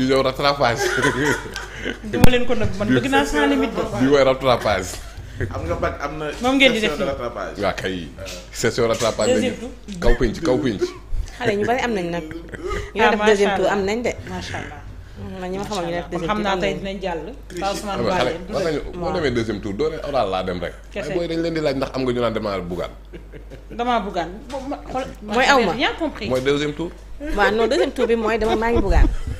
di jow rattrapage. du leen ko nag man bëgg naa sans am na. moom ngeen di def session euh, de rattrapage. waaw kay session rattrapage lañu. kaw pénc kaw pénc. xale ñu bari am nañ nag. ñu def deuxième tour am nañ de macha allah. Mm, man ñi ma xamal ñu def deuxième tour xam naa tey dinañ laa dem rek. kese booy dañ leen di laaj ndax am nga ñu naan damaa bugaan. damaa bugaan mooy aw ma. mooy deuxième tour. waaw non deuxième tour bi mooy dama maa ngi bugaan.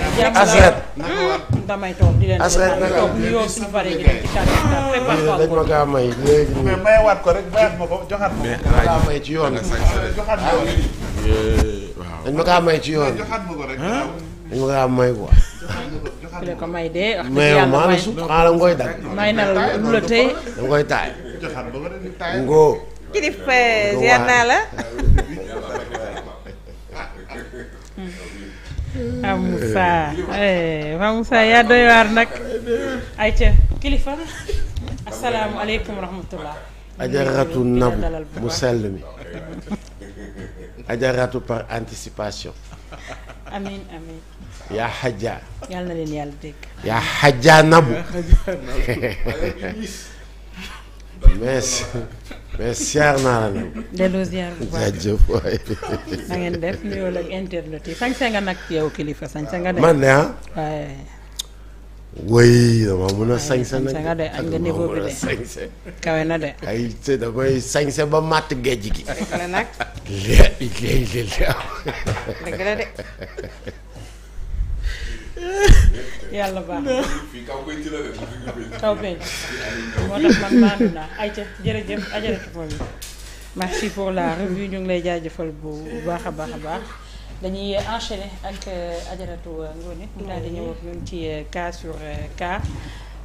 asret hmm. damay ci dañ ma may léegi mais mayawaat ko rek mayaat ma ko joxaat ma ko may ci yoon joxaat dañ ma kaa may ci yoon joxaat dañ ma kaa may ko may dee wax dëgg yàlla may ngoy dagg may na la lu la tey ngoy taay ngoo kilif ziar naa la ah eh, Moussa waa Moussa yaa doy waar nag. ayca kilifa. asalaamualeykum wa rahmatulah. ajaratu nabu mu sell mi. ajaratu par anticipation. amin amin yaa xajja. yàlla na leen yàlla dégg. yaa xajja nabu. merci. mais siyaar naa la nag. delloo siyaar bu baax jaajëf def nuyoo ak internet yi sañse nga nag yow kilifa sañse nga de. man de ah. waaye. woy dama mën a sañse nag de ak nga niveau bi de sañse. kawe na de. ay te damay sañse ba màtt géej gi. yàlla baax na kaw penc la def kaw penc moo tax man maandu naa ayca jërëjëf ajaratu moom yi merci pour la revue ñu ngi lay jaajëfal bu baax a baax a baax dañuy enchaîner ak euh, ajaratu euh, Ngoné mu daal di ñëw ñun ci euh, cas sur cas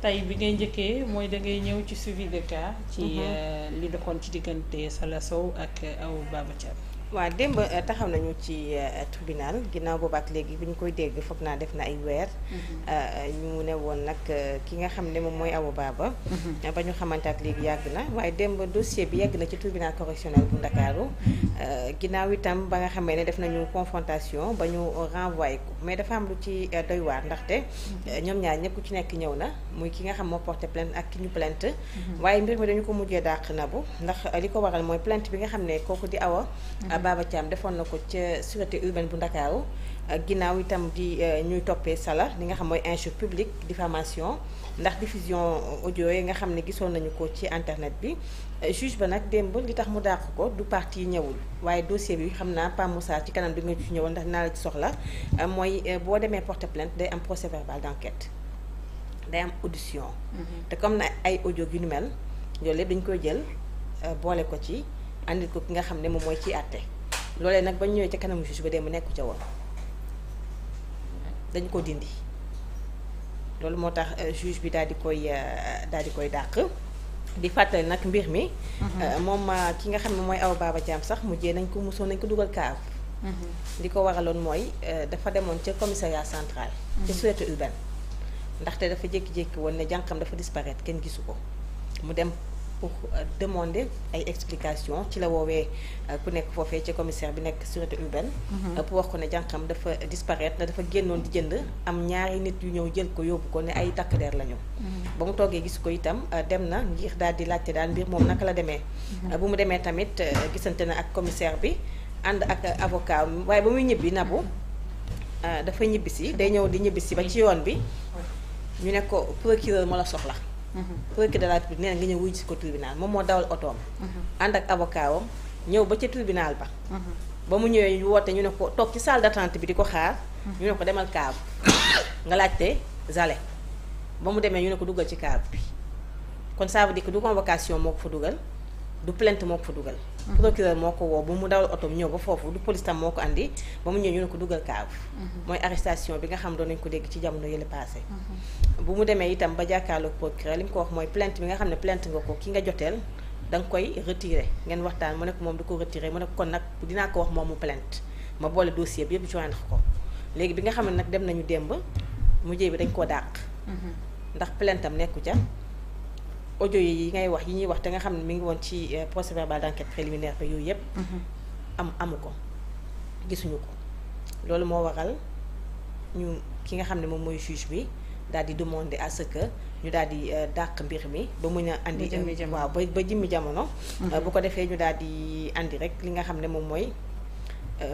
tey bi ngay njëkkee mooy da ñëw ci suivi de cas ci mm-hmm. li doxoon ci diggante Sala Sow ak aw Baba Thiam waa démb euh, taxaw nañu ci euh, tribunal ginnaaw boobaak léegi bu ñu koy dégg foog naa def na ay weer mm-hmm. euh, ñu ne woon nag ki nga xam ne moom mooy Awa Baba mm-hmm. ba ñu xamante ak léegi yàgg na waaye démb dossier bi yàgg na ci tribunal correctionnel bu Ndakaaru ginnaaw itam ba nga xamee ne def nañu confrontation ba ñu renvoyé ko mais dafa am lu ci doy ndaxte mm-hmm. ñoom ñaar ñëpp ku ci nekk ñëw na muy ki nga xam moo porté plainte ak ki ñu plainte waaye mbir mi dañu ko mujjee dàq na bu ndax li ko waral mooy plainte bi nga xam ne kooku di Awa Baba Thiam defoon na ko ca sûreté urbaine bu Ndakaaru euh, ginnaaw itam di euh, ñuy toppee sala li nga xam mooy injure publique diffamation ndax diffusion euh, audio yi nga xam ne gisoon nañu ko ci internet bi juge ba nag démb li tax mu dàq ko du parti ñëwul waaye dossier bi xam naa Pa Moussa ci kanam di nga ci ñëwal ndax dinaa la soxla mooy boo demee porte plainte day am procès verbal d'enquête day am audition mm-hmm. te comme na ay audio yu ni mel yooyu lépp dañ koy jël boole ko ci àndit ko ki nga xam ne moom mooy ci àtte loolee nag ba ñu ñëwee ca kanamu juge ba dee mu nekku ca woon dañ ko dindi loolu moo tax euh, juge bi daal di koy euh, daal di koy dàq di fàttali nag mbir mi mhm. euh, moom ki nga xam ne mooy aw baaba jaam sax mujjee nañ ko musoon nañ ko dugal kaaf mhm. li ko waraloon mooy dafa demoon ca commissariat central mhm. ca sûreté urbaine ndaxte dafa jékki-jékki woon ne jànqam dafa disparaître kenn gisu ko mu dem pour euh, demander ay explication ci la woowee euh, ku nekk foofee ci commissaire bi nekk sûreté urbaine. Mhm. Euh, pour wax ko ne jànqam dafa disparaître dafa génnoon di jënd am ñaari nit yu ñëw jël ko yóbbu ko ne ay takk der la ñu. Mhm. ba mu toogee gis ko itam dem na ngir daal di laajte daal mbir moom naka la demee. Mhm. bu mu demee tamit gisante na ak commissaire bi ànd ak avocat waaye ba muy ñibbi nabu dafa ñibbisi day ñëw di ñibbisi ba ci yoon bi ñu ne ko procureur ma la soxla. procureur de la République nee na nga ñëw wuyu si ko tribunal moom moo dawal otoom. Mhm. ànd ak avocat wam ñëw ba ca tribunal ba. Mhm. ba mu ñëwee ñu woote ñu ne ko toog ci salle d'attente bi di ko xaar. Mhm. ñu ne ko demal kaabu nga laajte zale ba mu demee ñu ne ko duggal ci kaabu bi kon saabu veut dire du convocation moo ko fa dugal. du plainte moo ko fa dugal. Mhm. procureur moo ko woo ba mu dawal oto ñëw ba foofu du police tam moo ko indi ba mu ñëw ñu ne ko dugal kaafu. Mhm. mooy arrestation bi nga xam doon nañu ko dégg ci jamono yële passé. Mhm. bu mu demee itam ba jàkkaarloog procureur li ko wax mooy plainte bi nga xam ne plainte nga ko ki nga joteel da koy retiré ngeen waxtaan mu nekk moom du ko retiré mu ne ko kon nag dinaa ko wax moom mu plainte ma boole dossier bi yëpp joindre ko léegi bi nga xam ne nag dem nañu démb mu mujjee bi dañ koo dàq. ndax plainte am nekku ca. audio yi ngay wax yi ñuy wax te nga xam ne mi ngi woon ci euh, procès verbal d' enquête préliminaire ba yooyu mhm. am amu ko gisuñu ko loolu moo waral ñu ki nga xam ne moom mooy juge bi daal di demander à ce que ñu daal di euh, dàq mbir mi ba mën a andi waaw ba ba jëmmi jamono mhm. euh, bu ko defee ñu daal di indi rek li nga xam ne moom mooy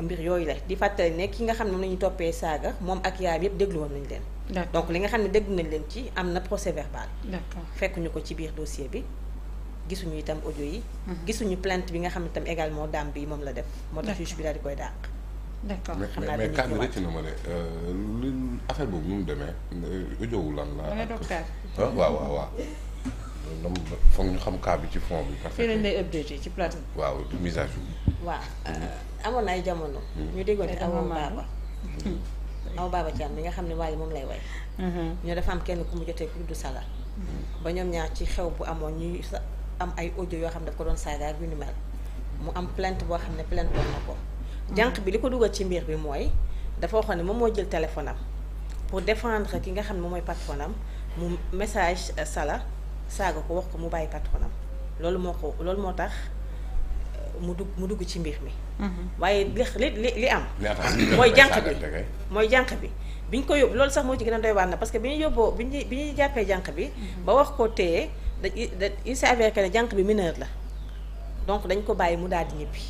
mbir yooyu la di fàttale ne ki nga xam ne moom la ñu toppee saaga moom ak yaayam yëpp déglu woon nañu leen donc li nga xam ne dégg nañ leen ci am na procès verbal. fekkuñu ko ci biir dossier bi gisuñu itam audio yi. Mhm. gisuñu plant bi nga xam ne itam également dame bi moom la def. moo tax juge bi daal di koy dàq. d' accord mais mais cas bi rëcc na ma de euh, lu affaire boobu nu mu ah, xam cas ci fond bi. parce que fii lañ lay updater ci plateau bi. waaw du mise mhm. euh, amoon ay jamono. Mhm. ñu déggoon amoon baaba aw baaba Thiam mi nga xam ne Wally moom lay way mm-hmm. ñoo dafa am kenn ku mu jotee ku tudd Sala mm-hmm. ba ñoom ñaar ci xew bu amoon ñuy sa am ay ojo yoo xam ne daf ko doon saagaar ak yu ni mel mu am plainte boo xam ne plainte doon na ko mm-hmm. jànq bi li ko dugal ci mbiir bi mooy dafa waxoon ne moom moo jël téléphone am pour défendre ki nga xam ne moom mooy patron am mu message Sala saaga ko wax ko mu bàyyi patron am loolu moo ko loolu moo tax mu dugg mu dugg ci mbir mi. Mhm. waaye li li li am. mooy jànq bi mooy jànq bi. biñ ko yóbbu loolu sax moo ci gën a doy waar na parce que bi ñu yóbboo bi ñu jàppee jànq bi. Mhm. ba wax ko téye da da il s'est avéré que ne jànq bi mineur la donc dañ ko bàyyi mu daal di ñibbi.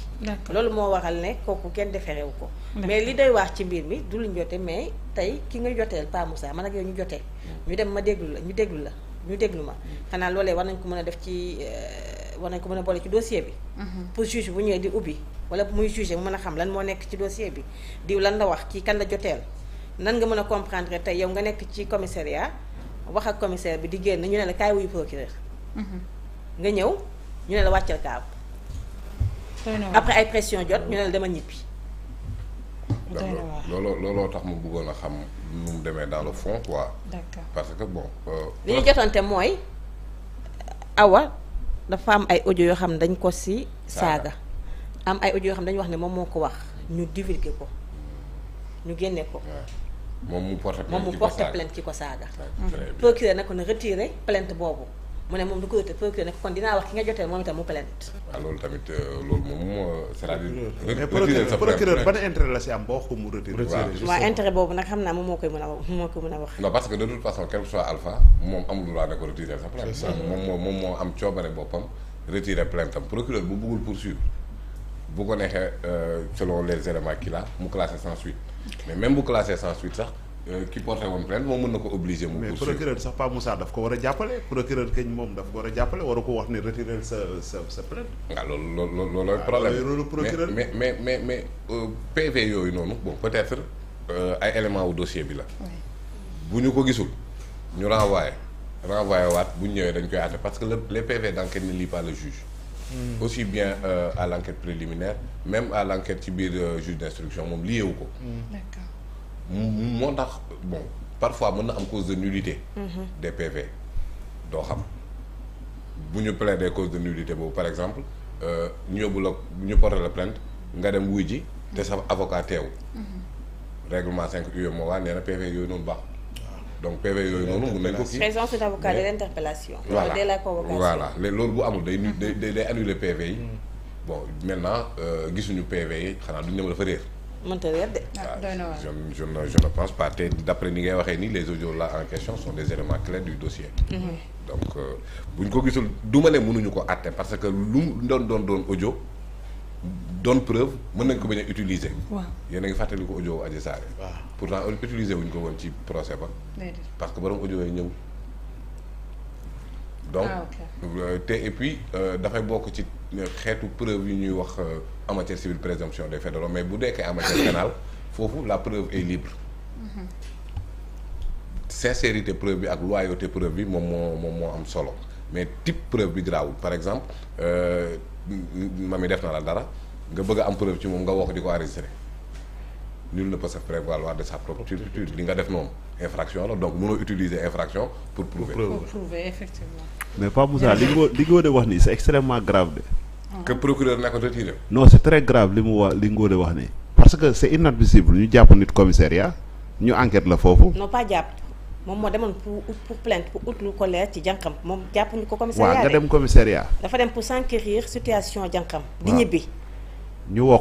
loolu moo waral ne kooku kenn deferewu ko. mais li doy waar ci mbir mi du luñ jotee mais tey ki nga joteel Pa Moussa man ak yow ñu jotee. Mm. ñu dem ma déglu la ñu déglu la ñu déglu ma mm. xanaa loolee war nañ ko mën a def ci. Euh, war nañ ko mën a boole ci dossier bi. Mhm. pour juge bu ñëwee di ubbi wala muy juger mu mën a xam lan moo nekk ci dossier bi diw lan la wax kii kan la joteel nan nga mën a comprendre tey yow nga nekk ci commissariat wax ak commissaire bi di génn ñu ne la kaay wuyu procureur. Mhm. nga ñëw ñu ne la wàccal kaab après ay pression jot ñu ne la dama ñibbi. looloo looloo tax mu bëggoon a xam nu mu demee dans le fond quoi. parce que bon. Euh, li ñu jotante mooy awa. dafa am ay audio yoo xam ne dañ ko si saaga am ay audio yoo xam ne dañu wax ne moom moo ko wax ñu divulgué ko ñu génne ko moom mu porte plainte ci ko saaga procureur na ko ne retiré plainte boobu mu ne moom du ko jotee procureur ne kon dinaa wax ki nga jotee moom itam mu plainte. waaw ah, loolu tamit euh, loolu moom cest xam naa moo koy mën a moo koy mën a wax. non parce que de sa plainte. moom moo moom moo am coobare boppam retiré plainte am procureur bu bëggul poursuivre bu ko neexee euh, selon les éléments qu'il a mu classé sans suite mais même bu classé sans suite sax. Euh, ki porté woon plainte moom mën na ko obligé. mu mais procureur sax Pape Moussa daf ko war a jàppale procureur kañ moom daf ko war a jàppale waru ko wax ne retirer sa sa sa plainte. waaw ah, loolu loolu loolu loolu problème mais mais mais mais euh, PV yooyu noonu boo peut-être euh, ay éléments wu dossier bi la. bu ñu ko gisul ñu renvoyé renvoyé waat bu ñu ñëwee dañ koy àtte parce que les PV d'enquête ne lit pas le juge. Hmm. aussi bien à l'enquête préliminaire même à l'enquête ci biir juge d'instruction moom liyewu ko. Hmm. moo tax bon parfois mën na am cause de nullité. Mm-hmm. des PV doo xam bu ñu plaider cause de nullité boobu par exemple euh, ñu yóbbu la ñu porter la plainte nga dem wuy ji te sa avocat teewul. Mm-hmm. règlement 5 UEMOA nee na PV yooyu noonu baax ah. donc PV yooyu noonu mun nañ ko kii présence loolu bu amul day mm-hmm. day day annuler PV yi. bon maintenant euh, gisuñu PV yi xanaa duñ ne dafa réer. mënta leer de. Ah, ah, je je ne je te d' ni ngay waxee nii les audios là en question sont des éléments clés du dossier. Mhm. donc euh, buñ ko gisul du ma ne mënuñu ko àtte parce que lu doon doon doon audio doon preuve mën nañ ko bañ a utiliser. waaw yéen a ngi fàttali ko audio Adji Sarr. waaw pourtant utiliser wuñ ko woon ci procès ba. parce que borom audio yi ñëw. donc ah, euh, te et puis euh, dafay bokk ci. xeetu preuve yu ñuy wax en euh, matière civile présomption des faits de mais bu dekkee en matière foofu la preuve est libre mm-hmm. sincérité preuve bi ak loyauté preuve bi moom moo moom moo am solo mais type preuve bi garaawul par exemple euh, ma mi def na la dara nga bëgg am preuve ci moom nga woo ko di ko enregistré lu ne peut se prévaloir de sa propre turpitude li nga def noonu infraction la donc mënoo utiliser infraction pour prouver pour prouver effectivement mais Pape Moussa li wax ni c'est extrêmement grave que procureur na ko retiré. grave li mu wax li Ngode wax nii parce que c'est inadmissible ñu jàpp nit commissariat ñu enquête la foofu. non pas jàpp moom moo demoon pour pour plainte pour ut lu ko leer ci jànkam moom jàpp ñu ko. commissariat waaw nga dem commissariat. dafa dem pour ko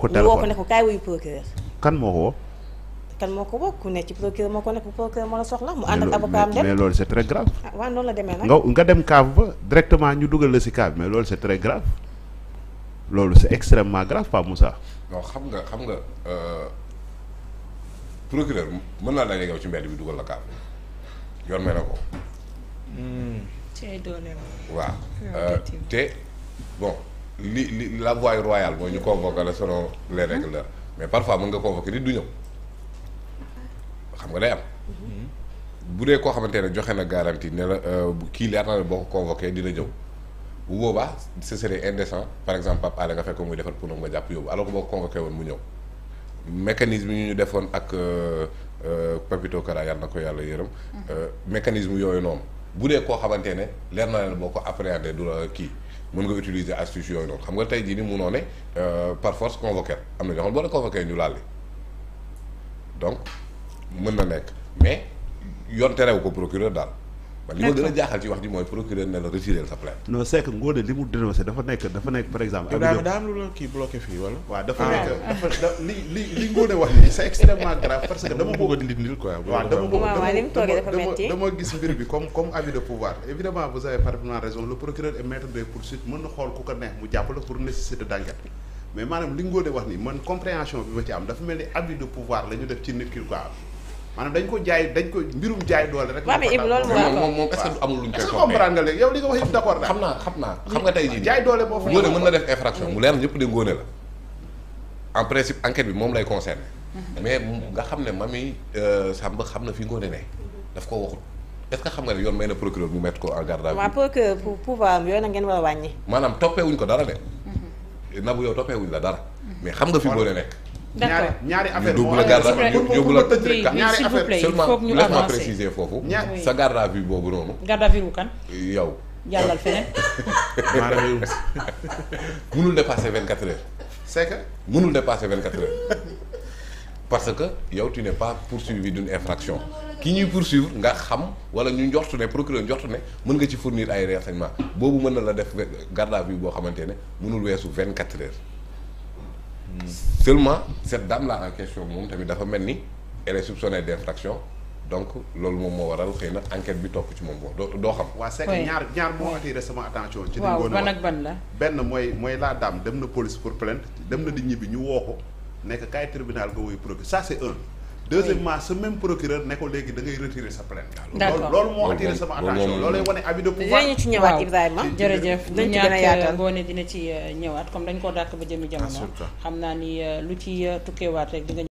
téléphone ñu ne ko kaay wuyu kan moo ko woo. ko woo ku ko nekk procureur moo la soxla mu ànd ak ah, nga nga dem cave ba directement ñu dugal la si cave mais loolu c'est très grave. loolu c'est extrêmement grave Pape Moussa. non xam nga xam nga euh, procureur mën naa dajeeg yow ci mbedd bi dugal la kaaf yoon may na ko. Hmm. Euh, te bon li li la voie royale mooy ñu convoqué la selon les règles mais parfois mën nga convoqué nit du ñëw xam nga day am. Hmm. bu dee koo xamante ne joxe na garantie ne la euh, kii la yaakaar boo ko convoqué dina ñëw. bu boobaa ce serait indécent par exemple Pape Alé nga fekk muy defar pour nga jàpp yóbbu alors que boo ko convoqué woon mu ñëw mécanisme yi ñu defoon ak euh, euh, Papito Kara yàlla na ko yàlla yërëm. Euh, mécanisme yooyu noonu. bu dee koo xamante ne leer na leen boo ko appréhendé du la kii mën nga utiliser astuce yooyu noonu xam nga tey jii ni munoo ne par force convoqué am na ñoo xam boo la convoqué ñu laal donc mën na nekk mais yoon terew ko procureur daal. man li ma gën a jaaxal ci wax ji mooy procureur ne la retirer sa plainte. non c'est que Ngoné li mu dénoncé dafa nekk dafa nekk par exemple. Abidou kii bloqué fii wala. waaw dafa ah. li li li wax nii c'est extrêmement grave parce que dama bëgg a dindi nil quoi. dama bëgg dama gis mbir bi comme comme abus de pouvoir. évidemment vous avez parfaitement raison le procureur est maître des poursuites mën na xool ku ko neex mu jàpp la pour nécessité d'enquête mais maanaam li Ngoné wax nii man bi ma ci am mel ni abus de pouvoir la ñu def ci nit ki quoi maanaam dañ ko jaay dañ ko mbirum jaay doole rek. waaw mais loolu moom moom moom est-ce que amul luñ koy toppee comprendre nga léegi yow li nga wax yëpp d'accord daal. xam naa xam naa xam nga tey jii jaay doole boo fa ngóone mën na def infraction mu leer ñëpp de ngóone la en principe enquête bi moom lay concerné mais nga xam ne mami euh, Samba xam na fi ngóone ne daf ko waxut est-ce que xam nga ne yoon may na procureur mu mettre ko en garde à vue waaw pour que pour pouvoir yooyu na ngeen war a wàññi maanaam toppee wuñ ko dara de mhm. Nabou yow toppee wuñ la dara mais xam nga fi ngóone nekk ñaari ñaari affaire moo ñaari affaire seulement laisse ma préciser foofu sa garde à boobu noonu garde à yow jàllal feneen maanaam mënul dépasser vingt quatre heures c'est que mënul dépasser vingt quatre heures parce que yow tu n'es pas poursuivi d'une infraction ki ñuy poursuivre nga xam wala ñu njortu ne procureur njortu ne mën nga ci fournir ay renseignements boobu mën na la def garde à boo xamante ne mënul weesu vingt quatre heures seulement cette dame là en question moom tamit dafa mel ni elle est soupçonnée d'infraction donc loolu moom moo waral xëy na enquete bi topp ci moom boo doo doo xam. waaw c'est ñaar ñaar moo attiré sama attention. ci li ngoon ban ak ban la. benn mooy mooy la dame dem na police pour plainte dem na di ñibbi ñu woo ko nekk kaay tribunal nga wuyu procureur ça c'est un. deuxièmement ce même procureur ne léegi da ngay sa plainte. d'accord loolu moo attiré sama attention loolu lay wane abus de pouvoir. ci ñëwaat Ibrahima jërëjëf. dañ ci gën dina ci euh, ñëwaat comme dañ koo dàkk ba jëmi jamono. xam naa ni euh, lu ci euh, tukkeewaat rek di nga.